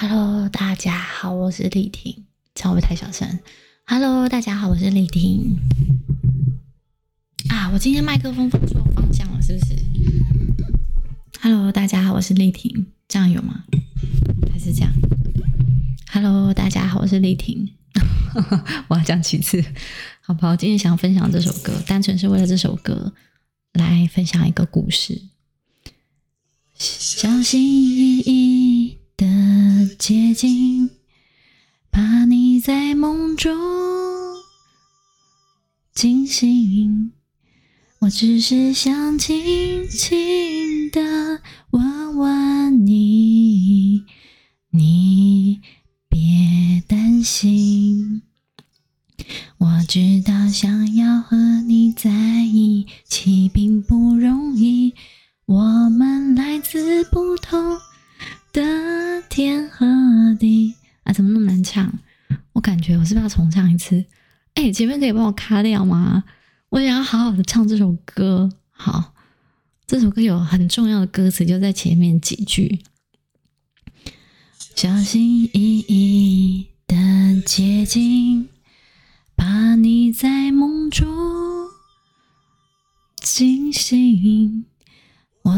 Hello，大家好，我是麗婷，這樣會不會太小聲？Hello，大家好，我是麗婷。啊，我今天麥克風放錯方向了，是不是？Hello，大家好，我是麗婷，這樣有嗎？還是這樣？Hello，大家好，我是麗婷。 我要講幾次？好不好？今天想分享這首歌，單純是為了這首歌來分享一個故事。小心翼翼的接近，怕你在夢中驚醒。我只是想輕輕的吻吻你，你別擔心。我知道想要和你在一起並不容易，我們來自不同的天和地啊，怎麼那麼難唱？我感覺我是不是要重唱一次？哎、欸，前面可以幫我卡掉嗎？我想要好好的唱這首歌。好，這首歌有很重要的歌詞，就在前面幾句。小心翼翼的接近，怕你在夢中。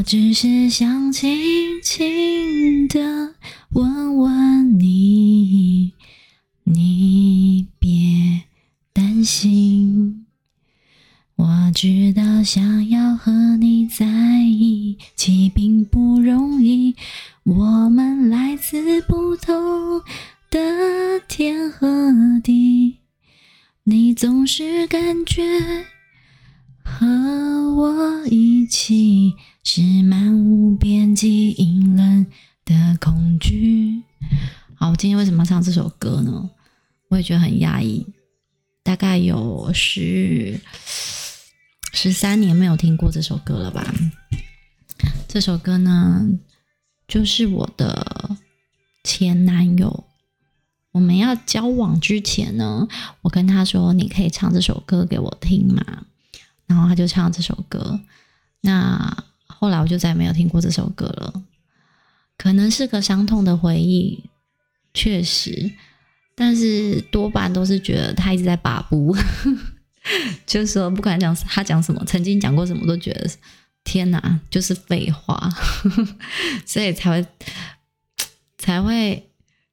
我只是想輕輕地吻吻你，你別擔心，我知道想要。今天為什麼要唱這首歌呢？我也覺得很壓抑。大概有十十三年沒有聽過這首歌了吧。這首歌呢，就是我的前男友。我們要交往之前呢，我跟他說：“你可以唱這首歌給我聽嗎？”然後他就唱這首歌。那後來我就再也沒有聽過這首歌了。可能是個傷痛的回憶。確實，但是多半都是覺得他一直在跋扈， 就是說不管他講他講什麼，曾經講過什麼，都覺得天哪，就是廢話， 所以才會才會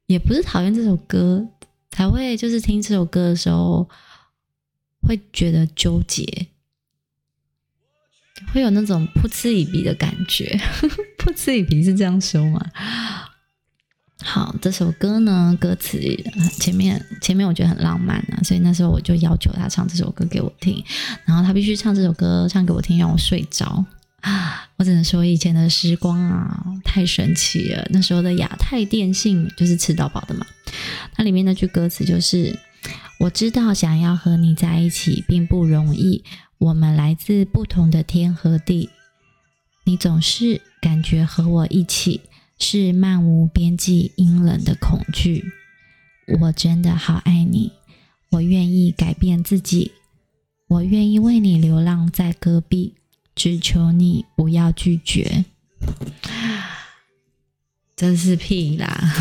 也不是討厭這首歌，才會就是聽這首歌的時候會覺得糾結，會有那種嗤之以鼻的感覺，嗤 之以鼻是這樣說嗎？好，這首歌呢，歌詞前面前面我覺得很浪漫啊，所以那時候我就要求他唱這首歌給我聽，然後他必須唱這首歌唱給我聽，讓我睡着。啊，我只能說以前的時光啊，太神奇了。那時候的亞太電信就是吃到飽的嘛。那裡面那句歌詞就是：我知道想要和你在一起並不容易，我們來自不同的天和地，你總是感覺和我一起。是漫無邊際、陰冷的恐懼。我真的好愛你，我願意改變自己，我願意為你流浪在戈壁，只求你不要拒絕。真是屁啦！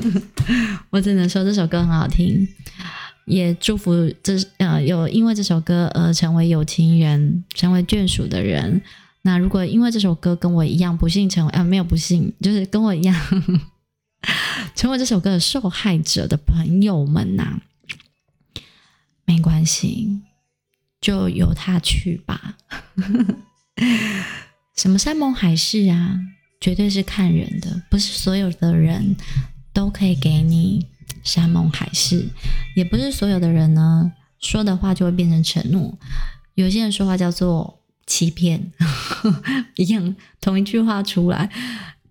我只能說這首歌很好聽，也祝福這呃有因為這首歌而成為有情人、成為眷屬的人。那如果因為這首歌跟我一樣不幸成為啊、呃、沒有不幸，就是跟我一樣呵呵成為這首歌的受害者的朋友們吶、啊，沒關係，就由他去吧。 什麼山盟海誓啊，絕對是看人的，不是所有的人都可以給你山盟海誓，也不是所有的人呢說的話就會變成承諾，有些人說話叫做。欺騙 一樣，同一句話出來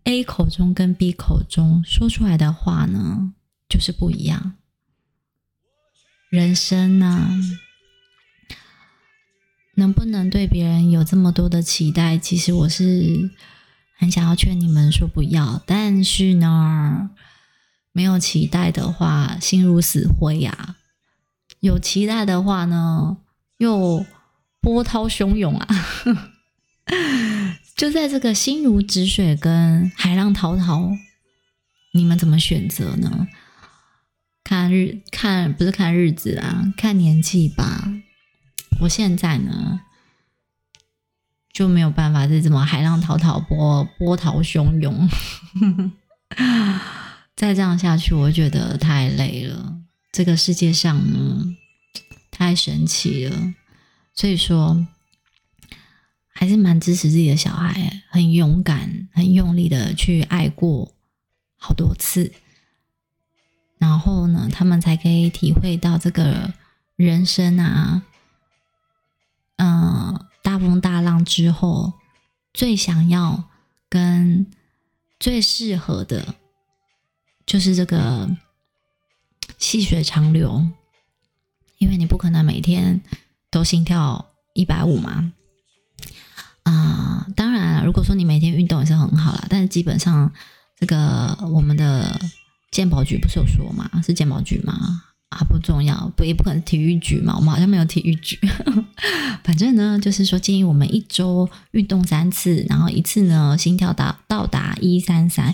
，A 口中跟 B 口中說出來的話呢，就是不一樣。人生呢，能不能對別人有這麼多的期待？其實我是很想要勸你們說不要，但是呢，沒有期待的話，心如死灰呀、啊；有期待的話呢，又。波濤洶湧啊！ 就在這個心如止水跟海浪滔滔，你們怎麼選擇呢？看日，看，不是看日子啊，看年紀吧。我現在呢就沒有辦法再怎麼海浪滔滔，波波濤洶湧。 再這樣下去，我覺得太累了。這個世界上呢，太神奇了。所以說，還是蠻支持自己的小孩，很勇敢，很用力的去愛過好多次，然後呢，他們才可以體會到這個人生啊，嗯、呃，大風大浪之後，最想要跟最適合的，就是這個細水長流，因為你不可能每天。都心跳一百五嘛。啊、嗯，當然如果說你每天運動也是很好了，但是基本上這個我們的健保局不是有說嗎？是健保局嗎？啊，不重要，不也不可能體育局嘛。我們好像沒有體育局。 反正呢，就是說建議我們一周運動三次，然後一次呢，心跳達到，到達一三三。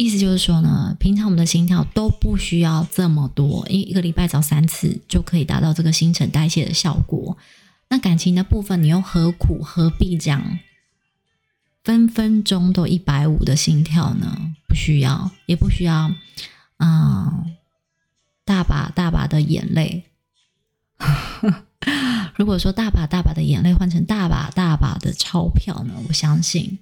意思就是說呢，平常我們的心跳都不需要這麼多，因為一個禮拜找三次就可以達到這個新陳代謝的效果。那感情的部分，你又何苦何必講分分鐘都一百五的心跳呢？不需要，也不需要，嗯、呃，大把大把的眼淚。 如果說大把大把的眼淚換成大把大把的鈔票呢，我相信。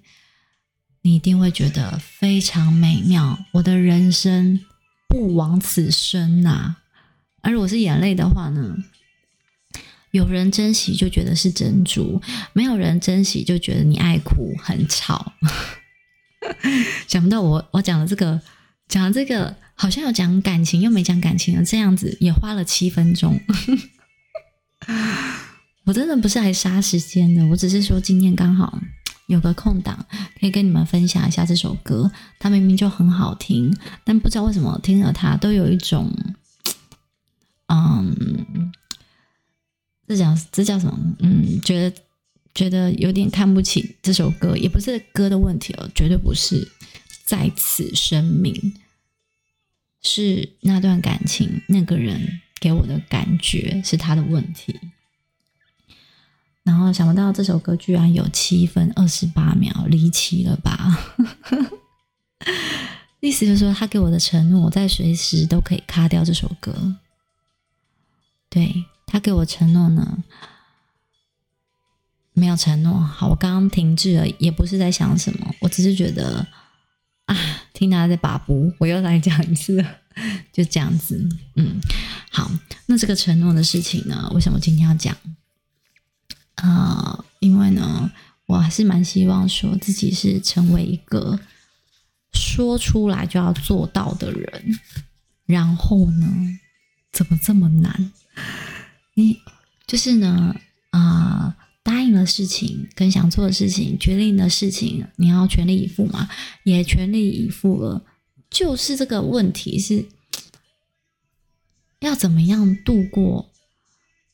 你一定會覺得非常美妙，我的人生不枉此生吶、啊！而我是眼淚的話呢？有人珍惜就覺得是珍珠，沒有人珍惜就覺得你愛哭很吵。 想不到我我講了這個講了這個好像有講感情又沒講感情啊，這樣子也花了七分鐘。 我真的不是還殺時間的，我只是說今天剛好。有個空檔，可以跟你們分享一下這首歌。它明明就很好聽，但不知道為什麼聽了它都有一種……嗯，這叫這叫什麼？嗯，覺得覺得有點看不起這首歌，也不是歌的問題了，哦，絕對不是。再次聲明，是那段感情，那個人給我的感覺是他的問題。然後想不到這首歌居然有七分二十八秒，離奇了吧？ 意思就是說，他給我的承諾，我在隨時都可以卡掉這首歌。對，他給我承諾呢，沒有承諾。好，我剛剛停滯了，也不是在想什麼，我只是覺得啊，聽他在吧不，我又來講一次， 就這樣子。嗯，好，那這個承諾的事情呢，為什麼今天要講？啊、呃，因為呢，我還是蠻希望說自己是成為一個說出來就要做到的人。然後呢，怎麼這麼難？你就是呢，啊、呃，答應的事情跟想做的事情、決定的事情，你要全力以赴嘛，也全力以赴了。就是這個問題是，要怎麼樣度過？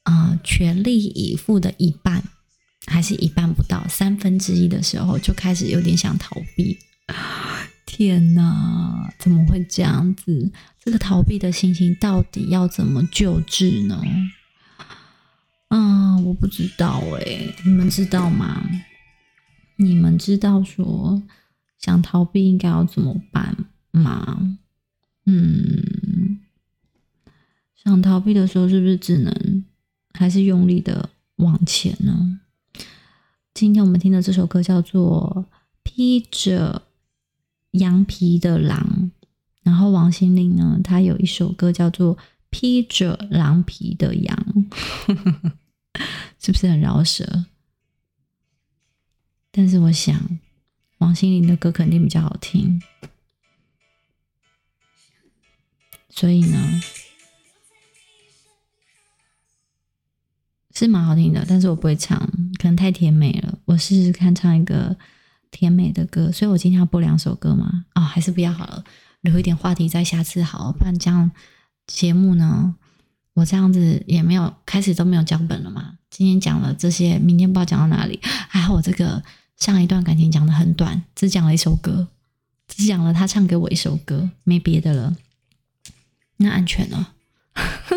啊、呃，全力以赴的一半，還是一半不到三分之一的時候，就開始有點想逃避。天哪，怎麼會這樣子？這個逃避的心情到底要怎麼救治呢？啊、嗯，我不知道哎、欸，你們知道嗎？你們知道說想逃避應該要怎麼辦嗎？嗯，想逃避的時候是不是只能？還是用力的往前呢？今天我們聽的這首歌叫做《披着羊皮的狼》，然後王心凌呢，她有一首歌叫做《披着狼皮的羊》， 是不是很饒舌？但是我想，王心凌的歌肯定比較好聽，所以呢？是蠻好聽的，但是我不會唱，可能太甜美了。我試試看唱一個甜美的歌，所以我今天要播兩首歌嗎？哦，還是不要好了，留一點話題在下次好了，不然這樣節目呢，我這樣子也沒有開始都沒有講本了嘛。今天講了這些，明天不知道講到哪裡。還好我這個上一段感情講的很短，只講了一首歌，只講了他唱給我一首歌，沒別的了。那安全了，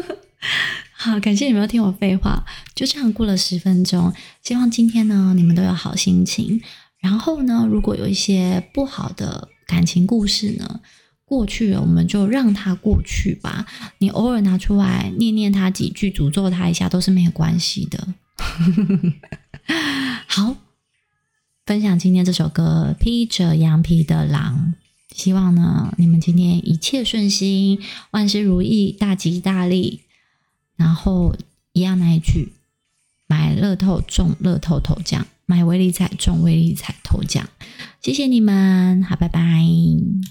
好，感謝你們要聽我廢話。就這樣過了十分鐘，希望今天呢你們都有好心情。然後呢，如果有一些不好的感情故事呢，過去了我們就讓它過去吧。你偶爾拿出來念念他幾句，詛咒他一下都是沒有關係的。 好，分享今天這首歌《披着羊皮的狼》，希望呢你們今天一切順心，萬事如意，大吉大利。然後一樣那一句。買樂透中樂透頭獎，買威力彩中威力彩頭獎，謝謝你們，好，拜拜。